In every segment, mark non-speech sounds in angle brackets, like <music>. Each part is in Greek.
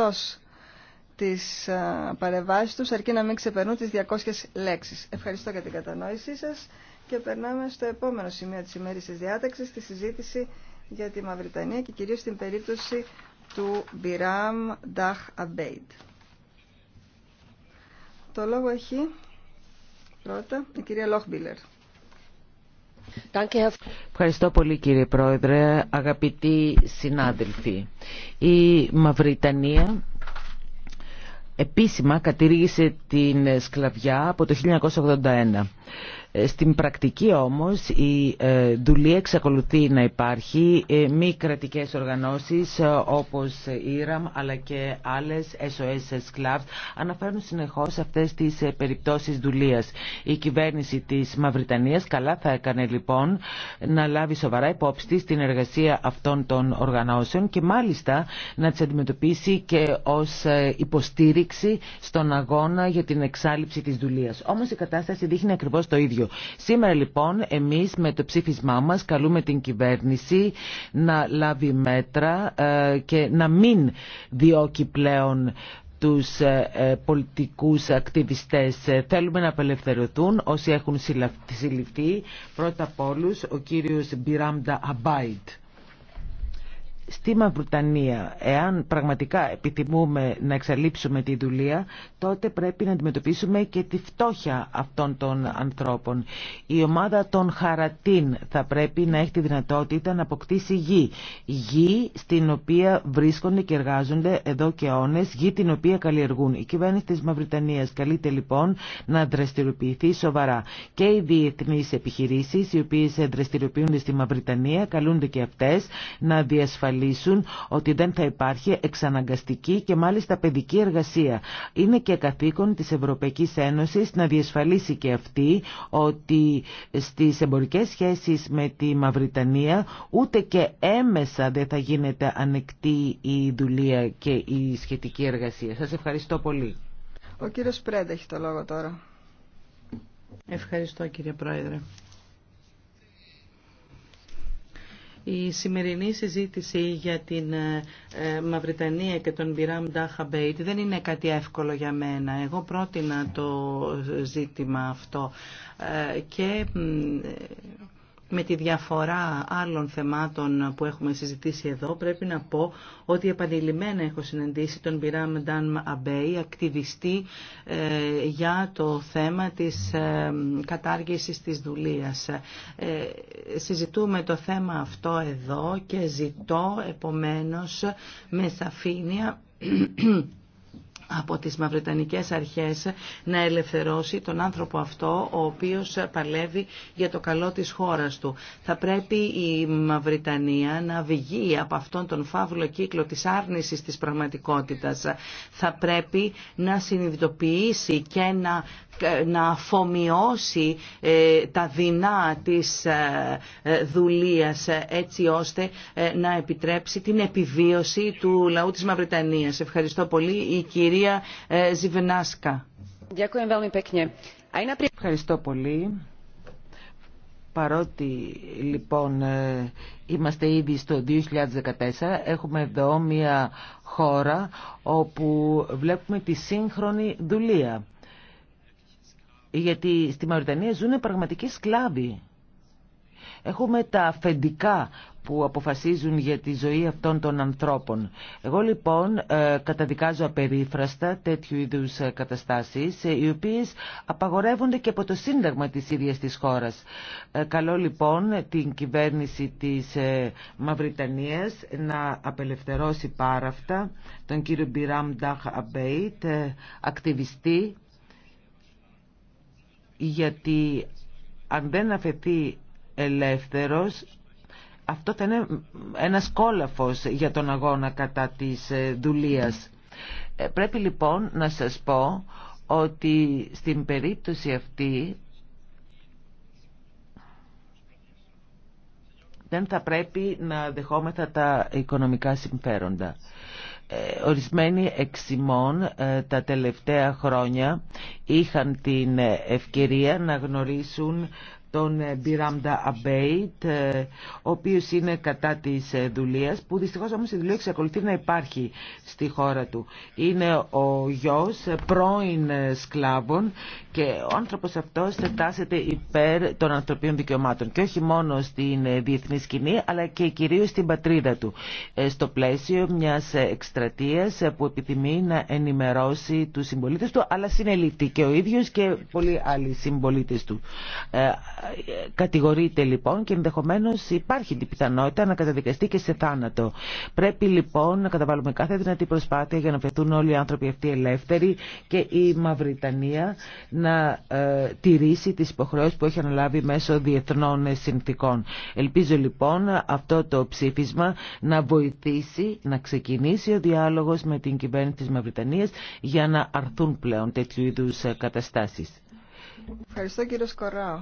εκτός της παρεμβάσης τους, αρκεί να μην ξεπερνούν τις 200 λέξεις. Ευχαριστώ για την κατανόησή σας και περνάμε στο επόμενο σημείο της ημέρης της διάταξης, τη συζήτηση για τη Μαυριτανία και κυρίως την περίπτωση του Μπιράμ Νταχ Αμπέιντ. Το λόγο έχει πρώτα η κυρία Λόχμπιλερ. Ευχαριστώ πολύ κύριε Πρόεδρε, αγαπητοί συνάδελφοι. Η Μαυριτανία επίσημα κατηρίγησε την σκλαβιά από το 1981. Στην πρακτική όμως η ε, δουλεία εξακολουθεί να υπάρχει. Ε, μη κρατικέ οργανώσεις ε, όπως η αλλά και άλλες SOS Clubs αναφέρουν συνεχώς αυτές τις περιπτώσεις δουλείας. Η κυβέρνηση της Μαυριτανίας καλά θα έκανε λοιπόν να λάβει σοβαρά υπόψη στην την εργασία αυτών των οργανώσεων και μάλιστα να τις αντιμετωπίσει και ως υποστήριξη στον αγώνα για την εξάλληψη της δουλείας. Όμως η κατάσταση δείχνει ακριβώς το ίδιο. Σήμερα λοιπόν εμείς με το ψήφισμά μας καλούμε την κυβέρνηση να λάβει μέτρα ε, και να μην διώκει πλέον τους ε, ε, πολιτικούς ακτιβιστές. Θέλουμε να απελευθερωθούν όσοι έχουν συλληφθεί. Πρώτα απ' όλους ο κύριος Μπιράμτα Αμπάιτ. Στη Μαυρτανία, εάν πραγματικά επιθυμούμε να εξαλείψουμε τη δουλεία, τότε πρέπει να αντιμετωπίσουμε και τη φτώχεια αυτών των ανθρώπων. Η ομάδα των χαρατίν θα πρέπει να έχει τη δυνατότητα να αποκτήσει γη. Γη στην οποία βρίσκονται και εργάζονται εδώ και αιώνε, γη την οποία καλλιεργούν. Η κυβέρνηση τη Μαυριτανίας καλείται λοιπόν να δραστηριοποιηθεί σοβαρά. Και οι διεθνεί επιχειρήσει οι οποίε δραστηριοποιούνται στη Μαυριτανία καλούνται και αυτέ να διασφαλίσουν ότι δεν θα υπάρχει εξαναγκαστική και μάλιστα παιδική εργασία. Είναι και καθήκον της Ευρωπαϊκής Ένωσης να διασφαλίσει και αυτή ότι στις εμπορικές σχέσεις με τη Μαυριτανία ούτε και έμεσα δεν θα γίνεται ανεκτή η δουλεία και η σχετική εργασία. Σας ευχαριστώ πολύ. Ο κύριος Πρέντα έχει το λόγο τώρα. Ευχαριστώ κύριε Πρόεδρε. Η σημερινή συζήτηση για την ε, ε, Μαυριτανία και τον Μπιράμ Μπέιτ δεν είναι κάτι εύκολο για μένα. Εγώ πρότεινα το ζήτημα αυτό ε, με τη διαφορά άλλων θεμάτων που έχουμε συζητήσει εδώ, πρέπει να πω ότι επανειλημμένα έχω συναντήσει τον Μπιράμ Ντάν Αμπέη, ακτιβιστή ε, για το θέμα της ε, κατάργησης της δουλείας. Ε, συζητούμε το θέμα αυτό εδώ και ζητώ επομένως με σαφήνεια από τις μαυρετανικές αρχές να ελευθερώσει τον άνθρωπο αυτό ο οποίος παλεύει για το καλό της χώρας του. Θα πρέπει η Μαυριτανία να βγει από αυτόν τον φαύλο κύκλο της άρνησης της πραγματικότητας. Θα πρέπει να συνειδητοποιήσει και να να αφομοιώσει ε, τα δεινά της ε, ε, δουλείας έτσι ώστε να επιτρέψει την επιβίωση του λαού της Μαυριτανίας. Ευχαριστώ πολύ. Η κυρία Ζιβενάσκα. Ευχαριστώ πολύ. Παρότι λοιπόν είμαστε ήδη στο 2014, έχουμε εδώ μια χώρα όπου βλέπουμε τη σύγχρονη δουλεία γιατί στη Μαυριτανία ζουν πραγματικοί σκλάβοι. Έχουμε τα αφεντικά που αποφασίζουν για τη ζωή αυτών των ανθρώπων. Εγώ λοιπόν ε, καταδικάζω απερίφραστα τέτοιου είδους ε, καταστάσεις ε, οι οποίες απαγορεύονται και από το Σύνταγμα της ίδιας της χώρας. Καλώ λοιπόν την κυβέρνηση της Μαυριτανίας να απελευθερώσει πάρα αυτά τον κύριο Μπιράμ Νταχ Αμπέιτ, ακτιβιστή γιατί αν δεν αφαιθεί ελεύθερος αυτό θα είναι ένας κόλαφος για τον αγώνα κατά της ε, δουλείας. Ε, πρέπει λοιπόν να σας πω ότι στην περίπτωση αυτή δεν θα πρέπει να δεχόμεθα τα οικονομικά συμφέροντα. Ε, ορισμένοι εξημών ε, τα τελευταία χρόνια είχαν την ευκαιρία να γνωρίσουν τον ε, Μπιράμντα Αμπέιτ, ε, ο οποίος είναι κατά της ε, δουλείας, που δυστυχώς όμως η δουλεία εξακολουθεί να υπάρχει στη χώρα του. Είναι ο γιος πρώην σκλάβων και ο άνθρωπος αυτός τάσεται υπέρ των ανθρωπίνων δικαιωμάτων και όχι μόνο στην διεθνή σκηνή αλλά και κυρίως στην πατρίδα του στο πλαίσιο μιας εκστρατείας που επιθυμεί να ενημερώσει τους συμπολίτε του αλλά συνελήφθη και ο ίδιος και πολλοί άλλοι συμπολίτε του κατηγορείται λοιπόν και ενδεχομένως υπάρχει την πιθανότητα να καταδικαστεί και σε θάνατο. Πρέπει λοιπόν να καταβάλουμε κάθε δυνατή προσπάθεια για να βρεθούν όλοι οι άνθρωποι αυτοί ελεύθεροι και η Μαυριτανία να ε, τηρήσει τις υποχρεώσεις που έχει αναλάβει μέσω διεθνών συνθήκων. Ελπίζω λοιπόν αυτό το ψήφισμα να βοηθήσει να ξεκινήσει ο διάλογος με την κυβέρνηση της Μαυριτανίας για να αρθούν πλέον τέτοιου είδου καταστάσει. Ευχαριστώ κύριο Σκοράου.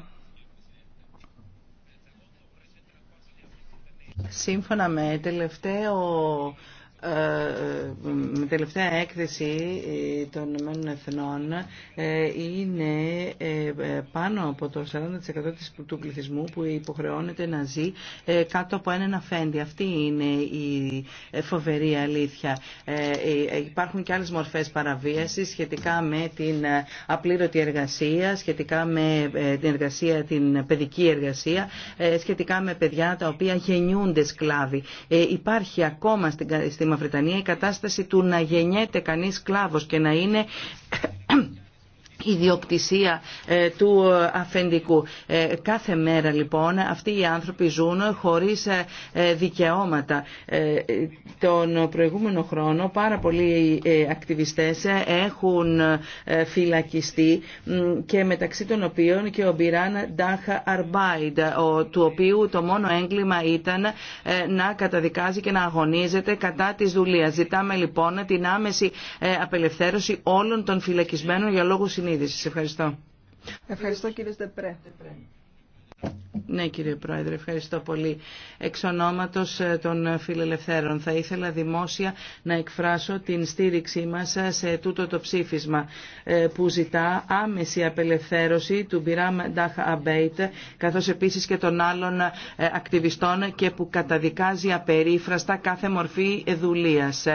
Σύμφωνα με τελευταίο η ε, ε, τελευταία έκθεση ε, των Ηνωμένων Εθνών είναι πάνω από το 40% του πληθυσμού που υποχρεώνεται να ζει κάτω από έναν αφέντη. Αυτή είναι η φοβερή αλήθεια. Υπάρχουν και άλλες μορφές παραβίασης σχετικά με την απλήρωτη εργασία, σχετικά με την, εργασία, την παιδική εργασία, σχετικά με παιδιά τα οποία γεννιούνται σκλάβοι. Υπάρχει ακόμα στην η κατάσταση του να γεννιέται κανείς σκλάβος και να είναι ιδιοκτησία ε, του ε, αφεντικού. Ε, κάθε μέρα λοιπόν αυτοί οι άνθρωποι ζουν χωρίς δικαιώματα. Τον προηγούμενο χρόνο πάρα πολλοί ακτιβιστές έχουν φυλακιστεί και μεταξύ των οποίων και ο Μπιράν Ντάχα Αρμπάιντ του οποίου το μόνο έγκλημα ήταν να καταδικάζει και να αγωνίζεται κατά της δουλείας. Ζητάμε λοιπόν την άμεση απελευθέρωση όλων των φυλακισμένων για λόγους συνείδησης. Ευχαριστώ. Ευχαριστώ κύριε Στεπρέ. Ναι κύριε Πρόεδρε, ευχαριστώ πολύ. Εξ ονόματος ε, των φιλελευθέρων θα ήθελα δημόσια να εκφράσω την στήριξή μας ε, σε τούτο το ψήφισμα ε, που ζητά άμεση απελευθέρωση του Μπιράμ Ντάχ Αμπέιτ καθώς επίσης και των άλλων ακτιβιστών και που καταδικάζει απερίφραστα κάθε μορφή δουλείας.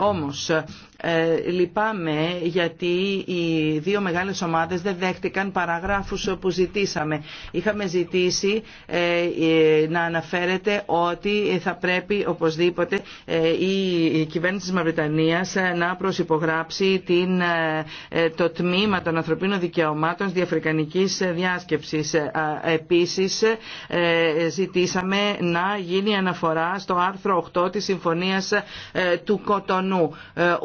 Όμως, ε, λυπάμαι γιατί οι δύο μεγάλες ομάδες δεν δέχτηκαν παραγράφους που ζητήσαμε. Είχαμε ζητήσει ε, ε, να αναφέρεται ότι θα πρέπει οπωσδήποτε ε, η κυβέρνηση της Μαυριτανίας να προσυπογράψει την, το τμήμα των ανθρωπίνων δικαιωμάτων της διαφρικανικής διάσκεψης. Επίσης ζητήσαμε να γίνει αναφορά στο άρθρο 8 της Συμφωνίας του Κοτονού.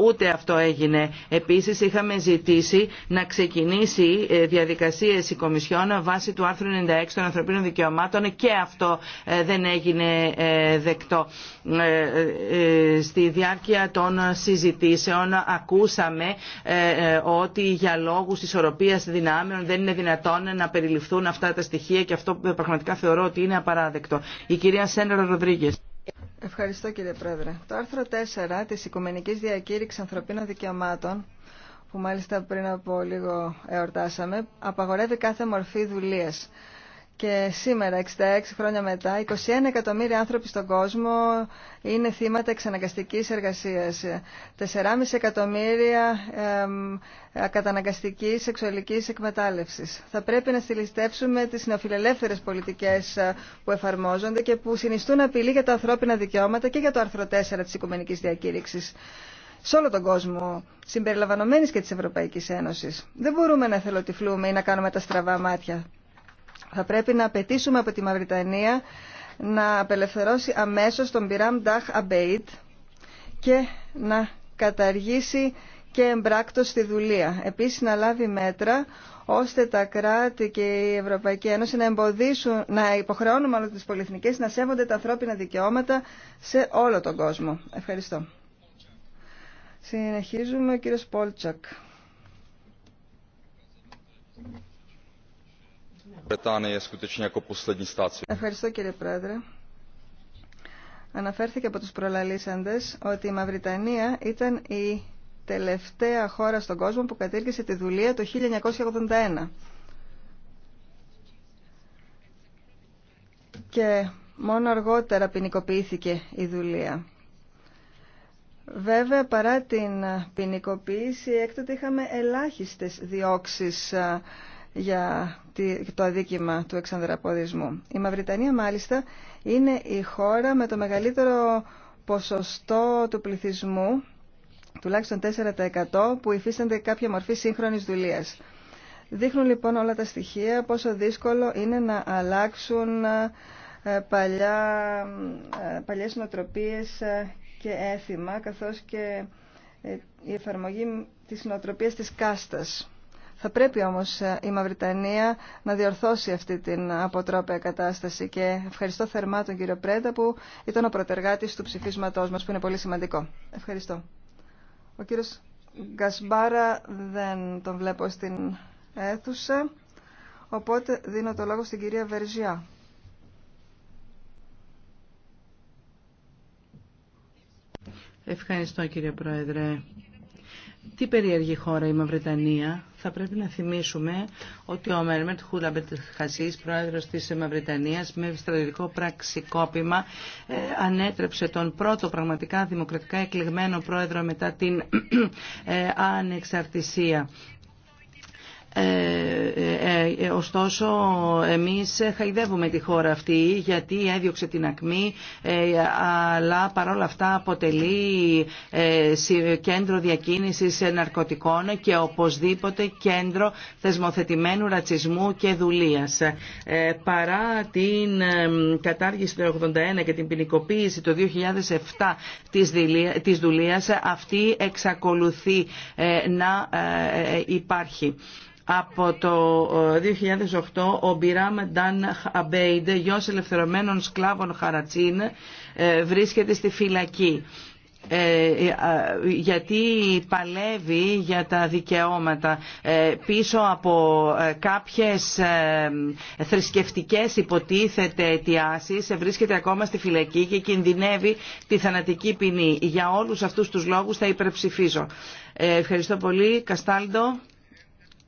Ούτε αυτό έγινε. Επίσης είχαμε ζητήσει να ξεκινήσει διαδικασίες η Κομισιόν βάσει του άρθρου 96 των ανθρωπίνων δικαιωμάτων και αυτό ε, δεν έγινε ε, δεκτό. Ε, στη διάρκεια των συζητήσεων ακούσαμε ότι για λόγους ισορροπίας δυνάμεων δεν είναι δυνατόν να περιληφθούν αυτά τα στοιχεία και αυτό πραγματικά θεωρώ ότι είναι απαράδεκτο. Η κυρία Σένερα Ροδρίγκες. Ευχαριστώ κύριε Πρόεδρε. Το άρθρο 4 της Οικουμενικής Διακήρυξης Ανθρωπίνων Δικαιωμάτων που μάλιστα πριν από λίγο εορτάσαμε, απαγορεύει κάθε μορφή δουλείας και σήμερα, 66 χρόνια μετά, 21 εκατομμύρια άνθρωποι στον κόσμο είναι θύματα εξαναγκαστικής εργασίας. 4,5 εκατομμύρια ε, καταναγκαστικής σεξουαλικής εκμετάλλευσης. Θα πρέπει να στυλιστεύσουμε τις νεοφιλελεύθερες πολιτικές ε, που εφαρμόζονται και που συνιστούν απειλή για τα ανθρώπινα δικαιώματα και για το άρθρο 4 της Οικουμενικής Διακήρυξης σε όλο τον κόσμο, συμπεριλαμβανομένης και της Ευρωπαϊκής Ένωσης. Δεν μπορούμε να θελοτυφλούμε ή να κάνουμε τα στραβά μάτια θα πρέπει να απαιτήσουμε από τη Μαυριτανία να απελευθερώσει αμέσως τον Πυράμ Ντάχ Αμπέιτ και να καταργήσει και εμπράκτος τη δουλεία. Επίσης να λάβει μέτρα ώστε τα κράτη και η Ευρωπαϊκή Ένωση να εμποδίσουν, να υποχρεώνουν μάλλον τις πολυεθνικές να σέβονται τα ανθρώπινα δικαιώματα σε όλο τον κόσμο. Ευχαριστώ. Συνεχίζουμε ο κύριος Πόλτσακ. Ευχαριστώ κύριε Πρόεδρε. Αναφέρθηκε από τους προλαλήσαντες ότι η Μαυριτανία ήταν η τελευταία χώρα στον κόσμο που κατήργησε τη δουλεία το 1981. Και μόνο αργότερα ποινικοποιήθηκε η δουλεία. Βέβαια, παρά την ποινικοποίηση, έκτοτε είχαμε ελάχιστες διώξεις για το αδίκημα του εξανδραποδισμού. Η Μαυριτανία μάλιστα είναι η χώρα με το μεγαλύτερο ποσοστό του πληθυσμού, τουλάχιστον 4% που υφίστανται κάποια μορφή σύγχρονης δουλείας. Δείχνουν λοιπόν όλα τα στοιχεία πόσο δύσκολο είναι να αλλάξουν ε, παλιά, ε, παλιές νοοτροπίες ε, και έθιμα καθώς και η εφαρμογή της νοοτροπίας της κάστας. Θα πρέπει όμως ε, η Μαυριτανία να διορθώσει αυτή την αποτρόπαια κατάσταση και ευχαριστώ θερμά τον κύριο Πρέντα που ήταν ο πρωτεργάτης του ψηφίσματός μας που είναι πολύ σημαντικό. Ευχαριστώ. Ο κύριος Γκασμπάρα δεν τον βλέπω στην αίθουσα, οπότε δίνω το λόγο στην κυρία Βερζιά. Ευχαριστώ κύριε Πρόεδρε τι περίεργη χώρα η Μαυρετανία. Θα πρέπει να θυμίσουμε ότι ο Μέρμερτ Χούλαμπετ Χασή, πρόεδρος της Μαυρετανία, με στρατηγικό πραξικόπημα ε, ανέτρεψε τον πρώτο πραγματικά δημοκρατικά εκλεγμένο πρόεδρο μετά την ε, ανεξαρτησία. Ε, ε, ε, ωστόσο εμείς χαϊδεύουμε τη χώρα αυτή γιατί έδιωξε την ακμή αλλά παρόλα αυτά αποτελεί κέντρο διακίνησης ναρκωτικών και οπωσδήποτε κέντρο θεσμοθετημένου ρατσισμού και δουλείας. Παρά την κατάργηση του 81 και την ποινικοποίηση το 2007 της δουλείας αυτή εξακολουθεί να υπάρχει από το 2008 ε, ο Μπιράμ Νταν Αμπέιντε, γιος ελευθερωμένων σκλάβων Χαρατσίν, ε, βρίσκεται στη φυλακή ε, γιατί παλεύει για τα δικαιώματα πίσω από κάποιες θρησκευτικές υποτίθεται αιτιάσεις βρίσκεται ακόμα στη φυλακή και κινδυνεύει τη θανατική ποινή. Για όλους αυτούς τους λόγους θα υπερψηφίζω. Ευχαριστώ πολύ. Καστάλντο.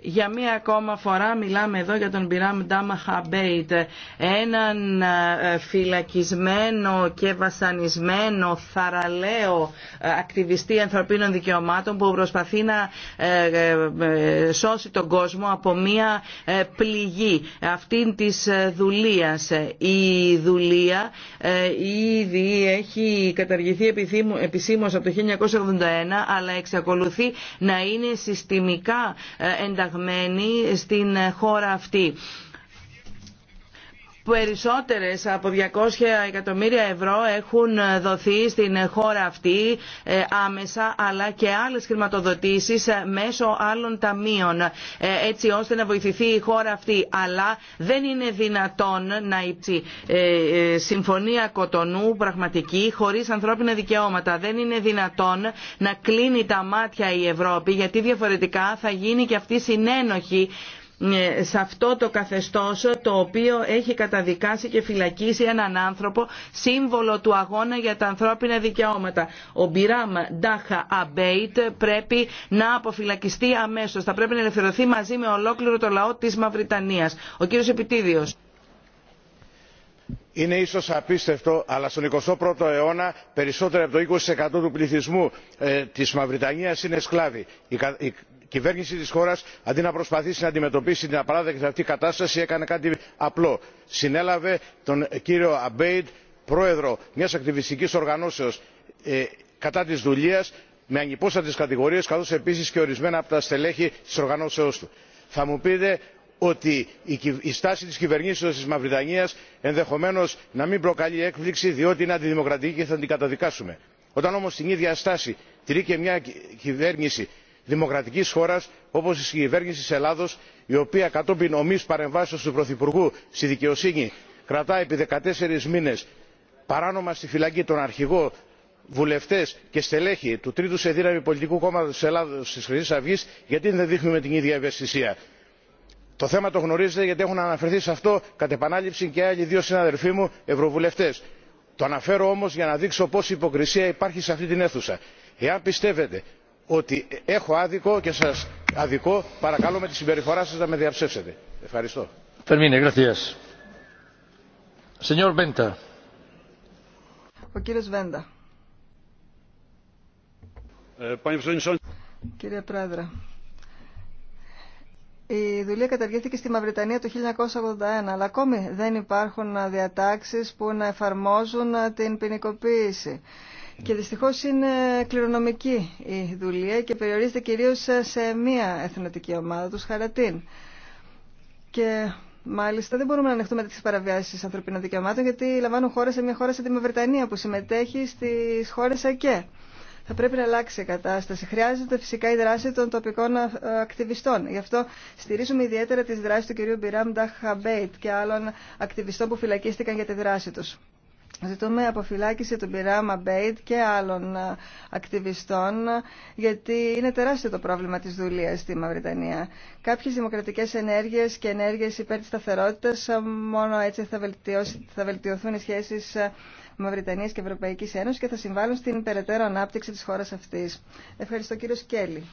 Για μία ακόμα φορά μιλάμε εδώ για τον Μπιράμ Ντάμα Χαμπέιτ, έναν ε, φυλακισμένο και βασανισμένο θαραλέο ε, ακτιβιστή ανθρωπίνων δικαιωμάτων που προσπαθεί να ε, σώσει τον κόσμο από μία πληγή αυτήν της δουλείας. Η δουλεία ήδη έχει καταργηθεί επισήμως από το 1981 αλλά εξακολουθεί να είναι συστημικά ενταγμένη στην χώρα αυτή περισσότερες από 200 εκατομμύρια ευρώ έχουν δοθεί στην χώρα αυτή ε, άμεσα αλλά και άλλες χρηματοδοτήσεις ε, μέσω άλλων ταμείων ε, έτσι ώστε να βοηθηθεί η χώρα αυτή αλλά δεν είναι δυνατόν να υπάρξει συμφωνία κοτονού πραγματική χωρίς ανθρώπινα δικαιώματα δεν είναι δυνατόν να κλείνει τα μάτια η Ευρώπη γιατί διαφορετικά θα γίνει και αυτή συνένοχη ε, σε αυτό το καθεστώς το οποίο έχει καταδικάσει και φυλακίσει έναν άνθρωπο σύμβολο του αγώνα για τα ανθρώπινα δικαιώματα. Ο Μπιράμ Ντάχα Αμπέιτ πρέπει να αποφυλακιστεί αμέσως. Θα πρέπει να ελευθερωθεί μαζί με ολόκληρο το λαό της Μαυριτανίας. Ο κύριος Επιτίδιος. Είναι ίσως απίστευτο, αλλά στον 21ο αιώνα περισσότερο από το 20% του πληθυσμού ε, της Μαυριτανίας είναι σκλάβοι. η, κυβέρνηση της χώρας αντί να προσπαθήσει να αντιμετωπίσει την απαράδεκτη αυτή κατάσταση έκανε κάτι απλό συνέλαβε τον κύριο αμπέιντ πρόεδρο μιας ακτιβιστικής οργανώσεως ε, κατά της δουλείας με ανυπόστατες κατηγορίες καθώς επίσης και ορισμένα από τα στελέχη της οργανώσεώς του. θα μου πείτε ότι η στάση της κυβερνήσεως της μαυριτανίας ενδεχομένως να μην προκαλεί έκπληξη διότι είναι αντιδημοκρατική και θα την καταδικάσουμε. όταν όμως την ίδια στάση τηρεί και μια κυβέρνηση δημοκρατικής χώρας όπως η κυβέρνηση της ελλάδος η οποία κατόπιν ομής παρεμβάσεως του πρωθυπουργού στη δικαιοσύνη κρατά επί 14 μήνες παράνομα στη φυλακή τον αρχηγό βουλευτές και στελέχη του τρίτου σε δύναμη πολιτικού κόμματος της ελλάδος της χρυσής αυγής γιατί δεν δείχνουμε την ίδια ευαισθησία. το θέμα το γνωρίζετε γιατί έχουν αναφερθεί σε αυτό κατ' επανάληψη και άλλοι δύο συναδελφοί μου ευρωβουλευτές. το αναφέρω όμως για να δείξω πόση υποκρισία υπάρχει σε αυτή την αίθουσα. εάν πιστεύετε ότι έχω άδικο και σα αδικό παρακαλώ με τη συμπεριφορά σα να με διαψεύσετε. Ευχαριστώ. Ο Βέντα. Ε, Κύριε Πρόεδρε, η δουλεία καταργήθηκε στη Μαυριτανία το 1981, αλλά ακόμη δεν υπάρχουν διατάξεις που να εφαρμόζουν την ποινικοποίηση. Και δυστυχώ είναι κληρονομική η δουλεία και περιορίζεται κυρίως σε μία εθνοτική ομάδα, τους Χαρατίν. Και μάλιστα κυρίω σε μια εθνοτικη ομαδα του χαρατιν και μαλιστα δεν μπορουμε να ανεχτουμε τις παραβιάσει ανθρωπινων δικαιωματων γιατι λαμβανουν χωρα σε μια χωρα σαν τη Μευρετανία που συμμετέχει στι χώρε ΑΚΕ. Θα πρέπει να αλλάξει η κατάσταση. Χρειάζεται φυσικά η δράση των τοπικών ε, ακτιβιστών. Γι' αυτό στηρίζουμε ιδιαίτερα τι δράσει του κυρίου Μπιράμ Νταχαμπέιτ και άλλων ακτιβιστών που φυλακίστηκαν για τη δράση του. Ζητούμε αποφυλάκηση του Πειράμα Μπέιτ και άλλων ε, ακτιβιστών, γιατί είναι τεράστιο το πρόβλημα της δουλείας στη Μαυριτανία. Κάποιες δημοκρατικές ενέργειες και ενέργειες υπέρ της σταθερότητας, ε, μόνο έτσι θα, θα βελτιωθούν οι σχέσεις ε, Μαυριτανίας και Ευρωπαϊκή Ένωσης και θα συμβάλλουν στην περαιτέρω ανάπτυξη της χώρας αυτής. Ευχαριστώ κύριο Σκέλη.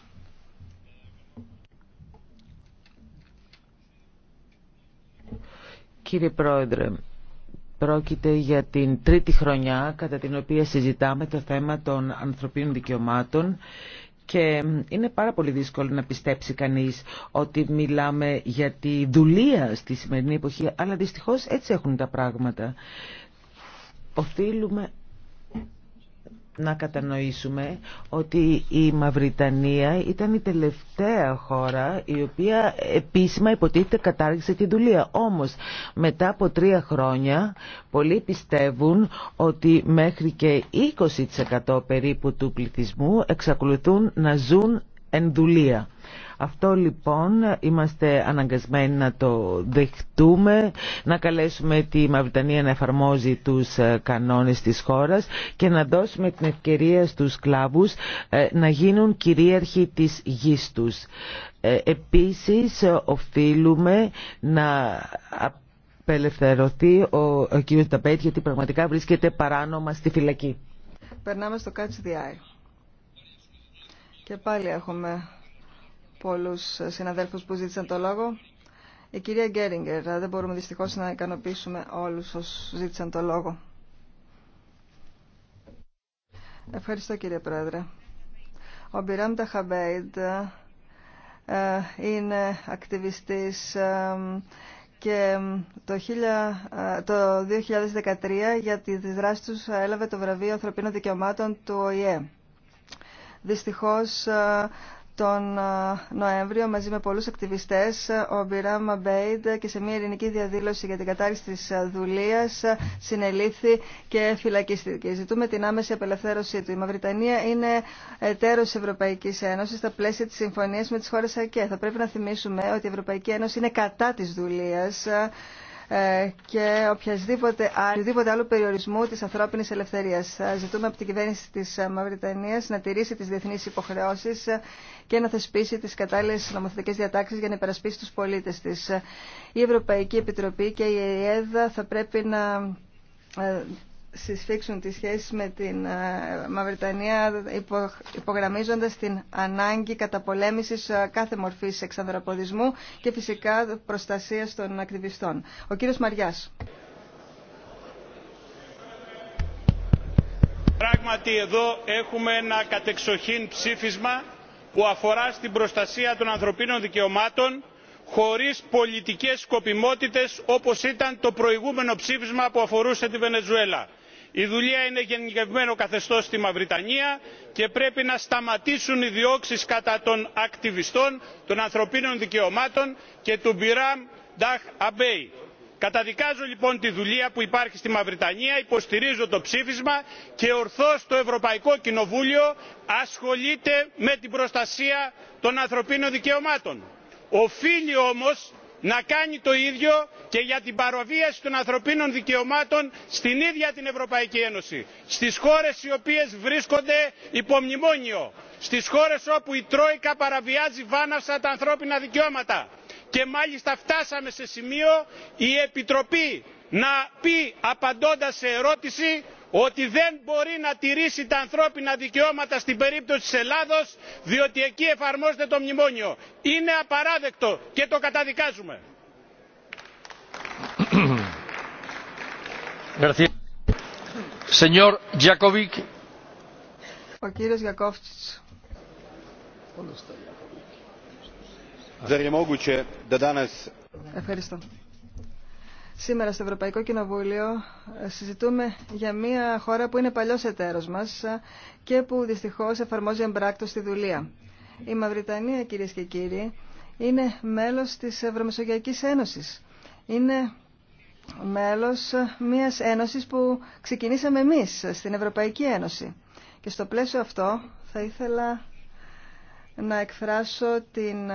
Κύριε Πρόεδρε, Πρόκειται για την τρίτη χρονιά κατά την οποία συζητάμε το θέμα των ανθρωπίνων δικαιωμάτων και είναι πάρα πολύ δύσκολο να πιστέψει κανείς ότι μιλάμε για τη δουλεία στη σημερινή εποχή αλλά δυστυχώς έτσι έχουν τα πράγματα. Οφείλουμε να κατανοήσουμε ότι η Μαυριτανία ήταν η τελευταία χώρα η οποία επίσημα υποτίθεται κατάργησε τη δουλεία. Όμως μετά από τρία χρόνια πολλοί πιστεύουν ότι μέχρι και 20% περίπου του πληθυσμού εξακολουθούν να ζουν αυτό λοιπόν είμαστε αναγκασμένοι να το δεχτούμε, να καλέσουμε τη Μαυριτανία να εφαρμόζει τους ε, κανόνες της χώρας και να δώσουμε την ευκαιρία στους σκλάβους ε, να γίνουν κυρίαρχοι της γης τους. Ε, επίσης οφείλουμε να απελευθερωθεί ο, ο κ. Ταπέτ γιατί πραγματικά βρίσκεται παράνομα στη φυλακή. Περνάμε στο Catch the και πάλι έχουμε πολλούς συναδέλφους που ζήτησαν το λόγο. Η κυρία Γκέριγκερ, δεν μπορούμε δυστυχώς να ικανοποιήσουμε όλους όσους ζήτησαν το λόγο. Ευχαριστώ κύριε Πρόεδρε. Ο Μπιράμ Ταχαμπέιντ είναι ακτιβιστής και το 2013 για τη δράση του έλαβε το βραβείο ανθρωπίνων δικαιωμάτων του ΟΗΕ. Δυστυχώς ε, τον ε, Νοέμβριο μαζί με πολλούς ακτιβιστές ε, ο Μπιράμ Μπέιντ και σε μια ειρηνική διαδήλωση για την κατάρριξη της δουλείας συνελήθη και φυλακίστηκε. Ζητούμε την άμεση απελευθέρωσή του. Η Μαυριτανία είναι εταίρος Ευρωπαϊκής Ένωσης στα πλαίσια της συμφωνίας με τις χώρες ΑΚΕ. Θα πρέπει να θυμίσουμε ότι η Ευρωπαϊκή Ένωση είναι κατά της δουλείας ε, και οποιασδήποτε, οποιοδήποτε άλλο περιορισμού της ανθρώπινης ελευθερίας. Ε, ζητούμε από την κυβέρνηση της ε, Μαυριτανίας να τηρήσει τις διεθνείς υποχρεώσεις και να θεσπίσει τις κατάλληλες νομοθετικές διατάξεις για να υπερασπίσει τους πολίτες της. Η Ευρωπαϊκή Επιτροπή και η ΕΕΔ θα πρέπει να συσφίξουν τις σχέσεις με την ε, Μαυριτανία υπογραμμίζοντας την ανάγκη καταπολέμησης ε, κάθε μορφής εξανδραποδισμού και φυσικά προστασίας των ακτιβιστών. Ο κύριος Μαριάς. Πράγματι εδώ έχουμε ένα κατεξοχήν ψήφισμα που αφορά στην προστασία των ανθρωπίνων δικαιωμάτων χωρίς πολιτικές σκοπιμότητες όπως ήταν το προηγούμενο ψήφισμα που αφορούσε τη Βενεζουέλα η δουλεία είναι γενικευμένο καθεστώς στη μαυριτανία και πρέπει να σταματήσουν οι διώξεις κατά των ακτιβιστών των ανθρωπίνων δικαιωμάτων και του μπιράμ νταχ αμπέι. καταδικάζω λοιπόν τη δουλεία που υπάρχει στη μαυριτανία υποστηρίζω το ψήφισμα και ορθώς το ευρωπαϊκό κοινοβούλιο ασχολείται με την προστασία των ανθρωπίνων δικαιωμάτων. οφείλει όμως να κάνει το ίδιο και για την παραβίαση των ανθρωπίνων δικαιωμάτων στην ίδια την ευρωπαϊκή ένωση στις χώρες οι οποίες βρίσκονται υπό μνημόνιο στις χώρες όπου η τρόικα παραβιάζει βάναυσα τα ανθρώπινα δικαιώματα και μάλιστα φτάσαμε σε σημείο η επιτροπή να πει απαντώντας σε ερώτηση ότι δεν μπορεί να τηρήσει τα ανθρώπινα δικαιώματα στην περίπτωση της ελλάδος διότι εκεί εφαρμόζεται το μνημόνιο. είναι απαράδεκτο και το καταδικάζουμε. <coughs> Σήμερα στο Ευρωπαϊκό Κοινοβούλιο ε, συζητούμε για μια χώρα που είναι παλιός εταίρος μας ε, και που δυστυχώς εφαρμόζει εμπράκτο στη δουλεία. Η Μαυριτανία, κυρίες και κύριοι, είναι μέλος της Ευρωμεσογειακής Ένωσης. Είναι μέλος ε, μιας ένωσης που ξεκινήσαμε εμείς στην Ευρωπαϊκή Ένωση. Και στο πλαίσιο αυτό θα ήθελα να εκφράσω την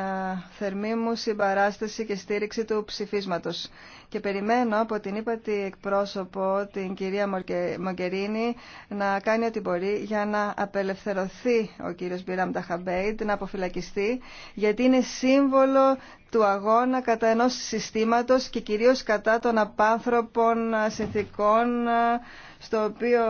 θερμή μου συμπαράσταση και στήριξη του ψηφίσματος. Και περιμένω από την ύπατη εκπρόσωπο, την κυρία Μογκερίνη, να κάνει ό,τι μπορεί για να απελευθερωθεί ο κύριος Μπιράμ Ταχαμπέιντ, να αποφυλακιστεί, γιατί είναι σύμβολο του αγώνα κατά ενός συστήματος και κυρίως κατά των απάνθρωπων συνθήκων στο οποίο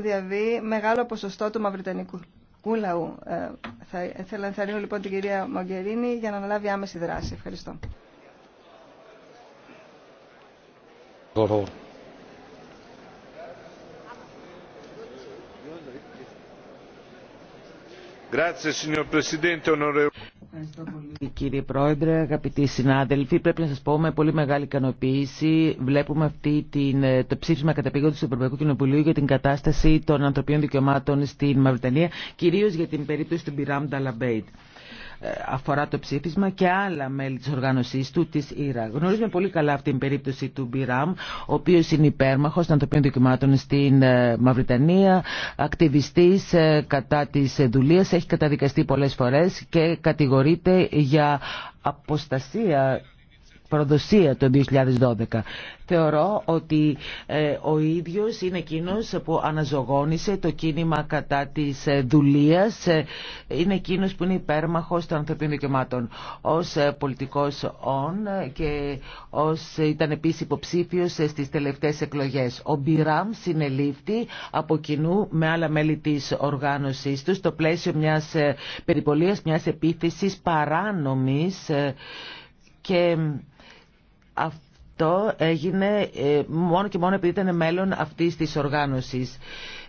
διαβεί μεγάλο ποσοστό του μαυριτανικού ε, Θα ήθελα να ενθαρρύνω λοιπόν την κυρία Μογκερίνη για να αναλάβει άμεση δράση. Ευχαριστώ. Grazie signor Presidente, onorevole. Ευχαριστώ πολύ. Κύριε Πρόεδρε, αγαπητοί συνάδελφοι, πρέπει να σας πω με πολύ μεγάλη ικανοποίηση βλέπουμε αυτή την, ε, το ψήφισμα καταπήγοντος του Ευρωπαϊκού Κοινοβουλίου για την κατάσταση των ανθρωπίνων δικαιωμάτων στην Μαυρτανία, κυρίως για την περίπτωση του Μπιράμ Νταλαμπέιτ αφορά το ψήφισμα και άλλα μέλη της οργάνωσής του της ΙΡΑ. Γνωρίζουμε πολύ καλά αυτή την περίπτωση του Μπιράμ, ο οποίος είναι υπέρμαχος των ανθρωπίνων δικαιωμάτων στην ε, Μαυριτανία, ακτιβιστής ε, κατά της δουλείας, έχει καταδικαστεί πολλές φορές και κατηγορείται για αποστασία προδοσία το 2012. Θεωρώ ότι ε, ο ίδιος είναι εκείνο που αναζωγόνησε το κίνημα κατά της ε, δουλείας. Ε, είναι εκείνο που είναι υπέρμαχος των ανθρωπίνων δικαιωμάτων. Ως πολιτικός όν και ως ήταν επίσης υποψήφιος στις τελευταίες εκλογές. Ο Μπιράμ συνελήφθη από κοινού με άλλα μέλη της οργάνωσής του στο πλαίσιο μιας περιπολίας, μιας επίθεσης παράνομης και αυτό έγινε ε, μόνο και μόνο επειδή ήταν μέλλον αυτής της οργάνωσης.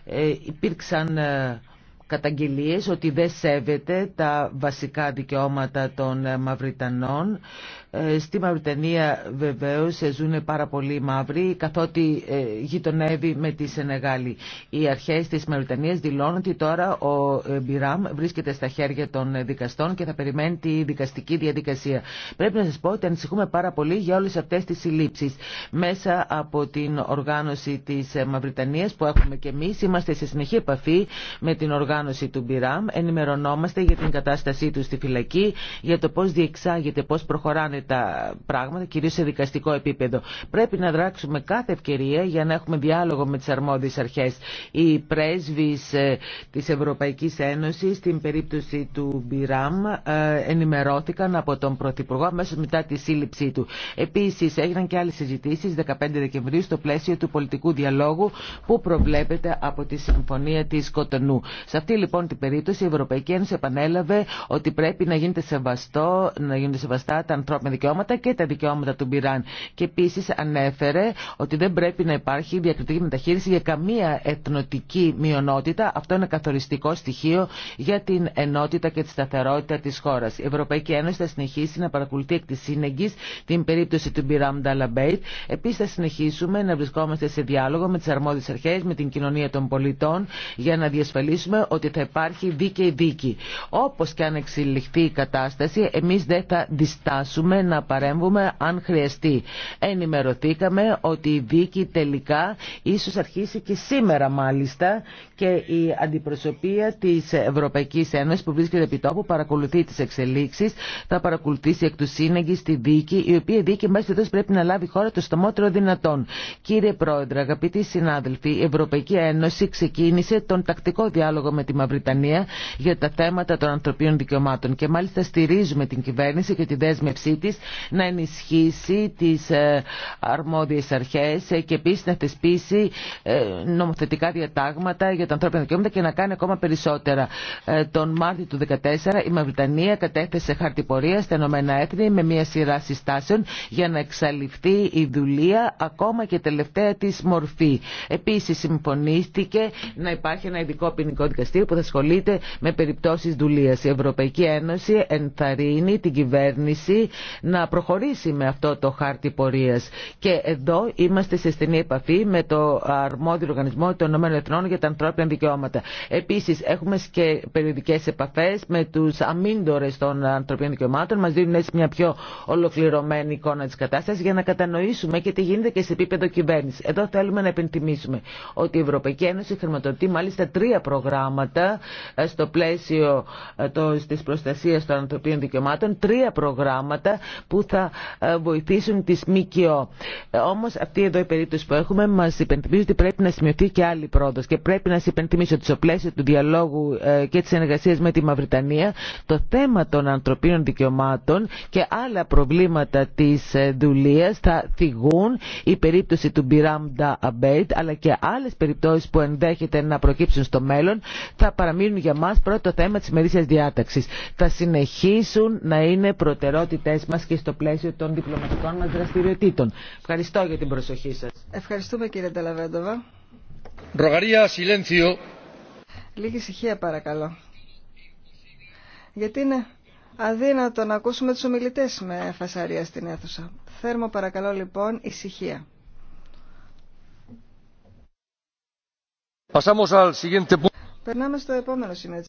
Ε, υπήρξαν ε, καταγγελίες ότι δεν σέβεται τα βασικά δικαιώματα των Μαυριτανών ε, στη Μαυρτανία βεβαίως ε, ζουν πάρα πολλοί μαύροι καθότι ε, γειτονεύει με τη Σενεγάλη. Οι αρχές της Μαυρτανίας δηλώνουν ότι τώρα ο Μπιράμ βρίσκεται στα χέρια των δικαστών και θα περιμένει τη δικαστική διαδικασία. Πρέπει να σας πω ότι ανησυχούμε πάρα πολύ για όλες αυτές τις συλλήψεις. Μέσα από την οργάνωση της Μαυρτανίας που έχουμε και εμείς είμαστε σε συνεχή επαφή με την οργάνωση του Μπιράμ. Ενημερωνόμαστε για την κατάστασή του στη φυλακή, για το πώς διεξάγεται, πώς προχωράνε τα πράγματα, κυρίως σε δικαστικό επίπεδο. Πρέπει να δράξουμε κάθε ευκαιρία για να έχουμε διάλογο με τις αρμόδιες αρχές. Οι πρέσβεις ε, της Ευρωπαϊκής Ένωσης στην περίπτωση του Μπιράμ ε, ενημερώθηκαν από τον Πρωθυπουργό μέσα μετά τη σύλληψή του. Επίσης έγιναν και άλλες συζητήσεις 15 Δεκεμβρίου στο πλαίσιο του πολιτικού διαλόγου που προβλέπεται από τη Συμφωνία της Κοτονού. Σε αυτή λοιπόν την περίπτωση η Ευρωπαϊκή Ένωση επανέλαβε ότι πρέπει να γίνεται σεβαστό, να γίνονται σεβαστά τα ανθρώπινα δικαιώματα και τα δικαιώματα του Μπιράν. Και επίση ανέφερε ότι δεν πρέπει να υπάρχει διακριτική μεταχείριση για καμία εθνοτική μειονότητα. Αυτό είναι καθοριστικό στοιχείο για την ενότητα και τη σταθερότητα τη χώρα. Η Ευρωπαϊκή Ένωση θα συνεχίσει να παρακολουθεί εκ τη σύνεγγυ την περίπτωση του Μπιράν Νταλαμπέιτ. Επίση θα συνεχίσουμε να βρισκόμαστε σε διάλογο με τι αρμόδιε αρχέ, με την κοινωνία των πολιτών για να διασφαλίσουμε ότι θα υπάρχει δίκαιη δίκη. Όπω και αν εξελιχθεί η κατάσταση, εμεί δεν θα διστάσουμε μπορούμε να παρέμβουμε αν χρειαστεί. Ενημερωθήκαμε ότι η δίκη τελικά ίσως αρχίσει και σήμερα μάλιστα και η αντιπροσωπεία της Ευρωπαϊκής Ένωσης που βρίσκεται επί τόπου παρακολουθεί τις εξελίξεις, θα παρακολουθήσει εκ του σύνεγγυ τη δίκη, η οποία δίκη μέσα εδώ πρέπει να λάβει χώρα το στομότερο δυνατόν. Κύριε Πρόεδρε, αγαπητοί συνάδελφοι, η Ευρωπαϊκή Ένωση ξεκίνησε τον τακτικό διάλογο με τη Μαυριτανία για τα θέματα των ανθρωπίνων δικαιωμάτων και μάλιστα στηρίζουμε την κυβέρνηση και τη δέσμευσή της να ενισχύσει τις ε, αρμόδιες αρχές και επίσης να θεσπίσει ε, νομοθετικά διατάγματα για τα ανθρώπινα δικαιώματα και να κάνει ακόμα περισσότερα. Ε, τον Μάρτιο του 2014 η Μαυριτανία κατέθεσε χαρτιπορία στα Ηνωμένα Έθνη με μια σειρά συστάσεων για να εξαλειφθεί η δουλεία ακόμα και τελευταία της μορφή. Επίσης συμφωνήθηκε να υπάρχει ένα ειδικό ποινικό δικαστήριο που θα ασχολείται με περιπτώσεις δουλείας. Η Ευρωπαϊκή Ένωση ενθαρρύνει την κυβέρνηση να προχωρήσει με αυτό το χάρτη πορεία. Και εδώ είμαστε σε στενή επαφή με το αρμόδιο οργανισμό των ΗΕ για τα ανθρώπινα δικαιώματα. Επίσης έχουμε και περιοδικέ επαφές με τους αμήντορε των ανθρωπίνων δικαιωμάτων. μα δίνουν έτσι μια πιο ολοκληρωμένη εικόνα τη κατάσταση για να κατανοήσουμε και τι γίνεται και σε επίπεδο κυβέρνηση. Εδώ θέλουμε να επενθυμίσουμε ότι η Ευρωπαϊκή Ένωση χρηματοδοτεί μάλιστα τρία προγράμματα ε, στο πλαίσιο ε, τη προστασία των ανθρωπίνων δικαιωμάτων, τρία προγράμματα που θα ε, βοηθήσουν τις ΜΚΟ. Ε, όμως αυτή εδώ η περίπτωση που έχουμε μας υπενθυμίζει ότι πρέπει να σημειωθεί και άλλη πρόοδος και πρέπει να σας υπενθυμίσω ότι στο πλαίσιο του διαλόγου ε, και της συνεργασίας με τη Μαυριτανία το θέμα των ανθρωπίνων δικαιωμάτων και άλλα προβλήματα της δουλείας θα θυγούν η περίπτωση του Μπιράμντα Αμπέιτ αλλά και άλλες περιπτώσεις που ενδέχεται να προκύψουν στο μέλλον θα παραμείνουν για μας πρώτο θέμα της μερίσιας διάταξης. Θα συνεχίσουν να είναι προτεραιότητές μας και στο πλαίσιο των διπλωματικών μας δραστηριοτήτων. Ευχαριστώ για την προσοχή σας. Ευχαριστούμε κύριε Ταλαβέντοβα. Ρογαρία, Λίγη ησυχία παρακαλώ. Γιατί είναι αδύνατο να ακούσουμε τους ομιλητές με φασαρία στην αίθουσα. Θέρμο παρακαλώ λοιπόν ησυχία. Περνάμε στο επόμενο σημείο.